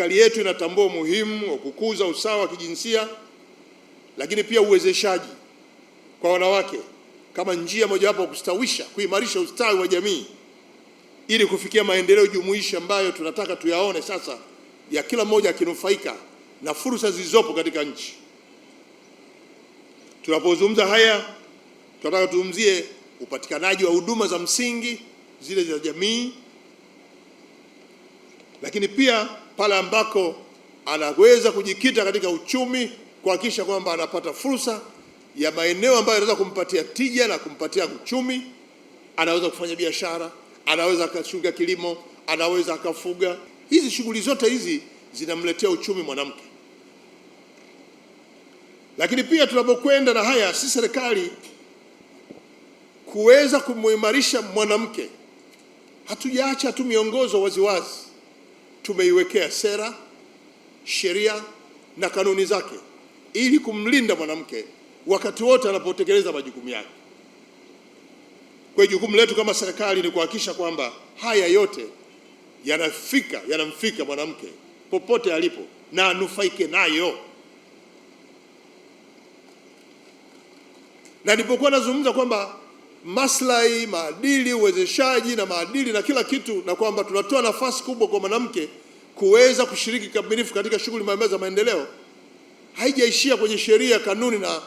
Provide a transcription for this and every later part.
serikali yetu inatambua umuhimu wa kukuza usawa wa kijinsia, lakini pia uwezeshaji kwa wanawake kama njia mojawapo ya kustawisha, kuimarisha ustawi wa jamii ili kufikia maendeleo jumuishi ambayo tunataka tuyaone sasa ya kila mmoja akinufaika na fursa zilizopo katika nchi. Tunapozungumza haya, tunataka tuzungumzie upatikanaji wa huduma za msingi zile za jamii, lakini pia pale ambako anaweza kujikita katika uchumi, kuhakikisha kwamba anapata fursa ya maeneo ambayo anaweza kumpatia tija na kumpatia uchumi. Anaweza kufanya biashara, anaweza akachunga kilimo, anaweza akafuga. Hizi shughuli zote hizi zinamletea uchumi mwanamke. Lakini pia tunapokwenda na haya, si serikali kuweza kumuimarisha mwanamke, hatujaacha tu miongozo waziwazi tumeiwekea sera, sheria na kanuni zake ili kumlinda mwanamke wakati wote anapotekeleza majukumu yake. Kwa jukumu letu kama serikali ni kuhakikisha kwamba haya yote yanafika yanamfika mwanamke popote alipo na anufaike nayo. Na nilipokuwa nazungumza kwamba maslahi, maadili, uwezeshaji na maadili na kila kitu, na kwamba tunatoa nafasi kubwa kwa mwanamke kuweza kushiriki kikamilifu katika shughuli mbalimbali za maendeleo. Haijaishia kwenye sheria, kanuni na,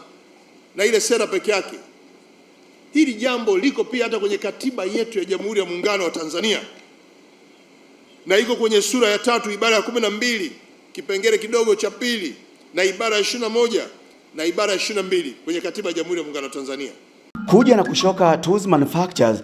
na ile sera peke yake. Hili jambo liko pia hata kwenye katiba yetu ya Jamhuri ya Muungano wa Tanzania na iko kwenye sura ya tatu ibara ya kumi na mbili kipengele kidogo cha pili na ibara ya ishirini na moja na ibara ya ishirini na mbili kwenye katiba ya Jamhuri ya Muungano wa Tanzania. Kuja na kushoka Tools Manufactures